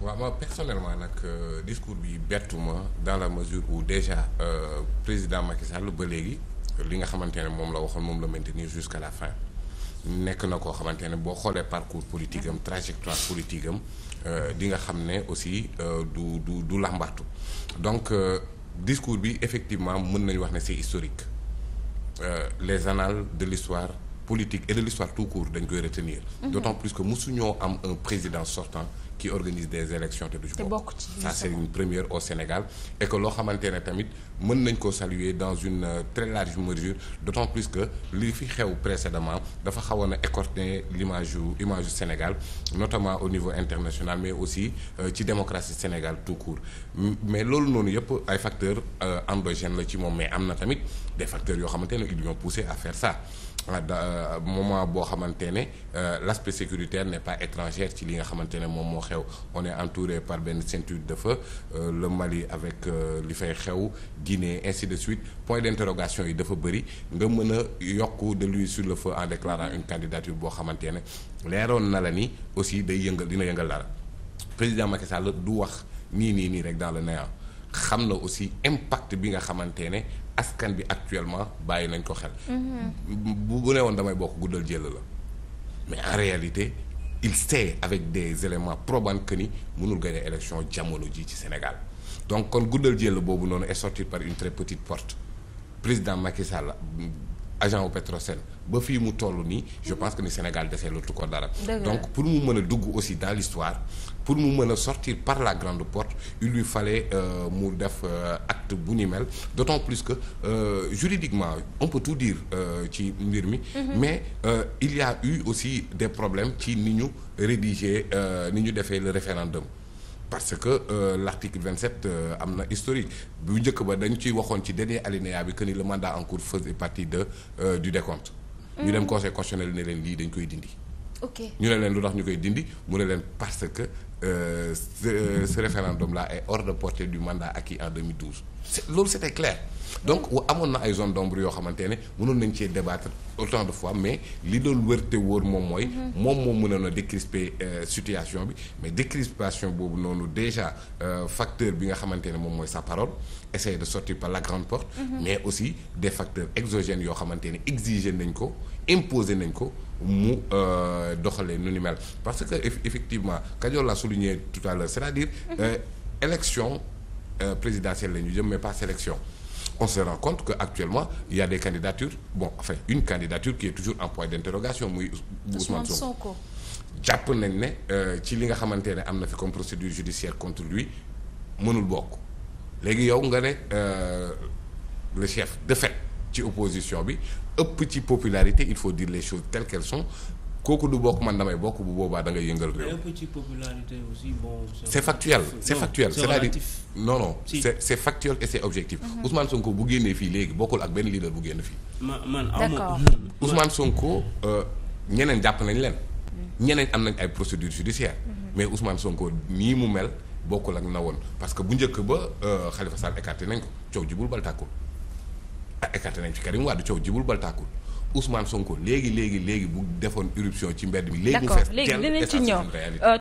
waaw ma moi personnellement nag euh, discours bi bettuma dans la mesure ou déjà euh, président Macky Sall ba léegi li nga xamante ne moom la waxoon moom la maintenir jusqu'à la fin nekk na koo xamante ne boo xoolee parcours politique am trajectoire politique am euh, di nga xam ne aussi euh, du du du làmbartu donc euh, discours bi effectivement mën nañu wax ne c'est historique euh, les annales de l'histoire politique et de l'histoire tout court dañ koy retenir mhm. d'autant plus que mosuñoo am un président sortant qui organise des élections te du ci bokk ça c'est première au Sénégal et que loo xamante ne tamit mën nañ ko saluer dans une euh, très large mesure d'autant plus que li fi xew précédemment dafa xawoon a écorner l'image yu image yu Sénégal notamment au niveau international mais aussi euh, ci démocratie Sénégal tout court mais loolu noonu yëpp ay facteurs euh, endogènes la ci moom mais am na tamit des facteur yoo xamante ne ils l'ont poussé à boo xamante ne l'aspect sécuritaire n'est pas li nga xamante ne moom moo xew on est entouré par benn ceinture de feu euh, le Mali avec euh, li fay xew Guinée ainsi de suite point d'interrogation yi dafa bëri nga mën a yokk de l'huile sur le feu en déclarant une candidature boo xamante ne leeroon na la ni aussi day yëngal dina yëngal dara président Macky Sall du wax nii nii nii rek daal le néant xam na aussi impact bi nga xamante ne askan bi actuellement bàyyi nañ ko xel. Mm-hmm. bu bu woon damay bokk guddal jël la mais en réalité. il sait avec des éléments probants que mënul gagner élection jamono jii ci Sénégal donc kon guddal jël boobu noonu est sorti par une très petite porte président Macky Sall agent wu Petrosen ba fii mu toll nii je pense que ni Sénégal desee lotu ko dara donc pour mu mën a dugg aussi dans l'histoire pour mu mën a sortir par la grande porte il lui fallait euh, mu def euh, acte bu ni mel d'autant plus que euh, juridiquement on peut tout dire euh, ci mbir mi mhm. mais euh, il y eu aussi des problèmes ci ni ñu rédiger ni ñu defee le référendum parce que euh, l'article 27 euh, am na historique bu njëkk ba dañu ciy waxoon ci dernier alinéa bi que ni le mandat en cours faisait partie de euh, du décompte. ñu dem mm. conseil constitutionnel ne leen lii dañ koy dindi. ok ñu ne leen lu tax ñu koy dindi mu ne leen parce que euh, ce, euh, ce référendum là est hors de portée du mandat acquis en 2012 loolu c'était clair donc amoon na ay zone d'ombre yoo xamante ne mënoon nañ cee débattre autant de fois mais li doon wër te wóor moom mooy. Mhm. moom moo mënoon a décrisper euh, situation bi mais décrispation boobu noonu déjà euh, facteur bi nga xamante ne moom mooy sa parole essayer de sorti par la grande porte. Mhm. mais aussi des facteurs exogènes yoo xamante ne exiger nañ ko imposer nañ ko. mu euh, doxalee nu ni mel parce que effectivement Kajoor l'a souligné tout à l'heure c'est-à-dire mhm. euh, élection euh, présidentielle la ñu jëm mais pas sélection on se rend compte que actuellement il y a des candidatures bon enfin une candidature qui est toujours en point d'interrogation muy Ousmane ko jàpp nañ ne ci li nga xamante ne am na fi comme procédure judiciaire contre lui mënul bokk léegi yow nga ne le chef de fait ci opposition bi ëpp ci popularité il faut dire les choses telles qu'elles sont kooku du bokk man damay bokk bu boobaa da ngay yëngal réew. ëpp ci popularité aussi bon. c'est factuel c'est factuel c'est-à-dire non non c'est factuel et c'est objectif. Mhm. Ousmane Sonko bu génnee fii léegi bokkul ak benn leader bu génn fii. ma man hmm. Ousmane Sonko euh, ñeneen jàpp nañ leen. Mhm. ñeneen am nañ ay procédures judiciaires. Mhm. mais Ousmane Sonko nii mu mel bokkul ak na woon parce que bu njëkk ba euh, Khalifa Sall écarté nañ ko coow jubul ak ah, écarté nañ fi Karim Wade coow jibul bal tàkkul Ousmane Sonko léegi léegi léegi bu defoon éruption ci mbedd mi léegi mu fees teel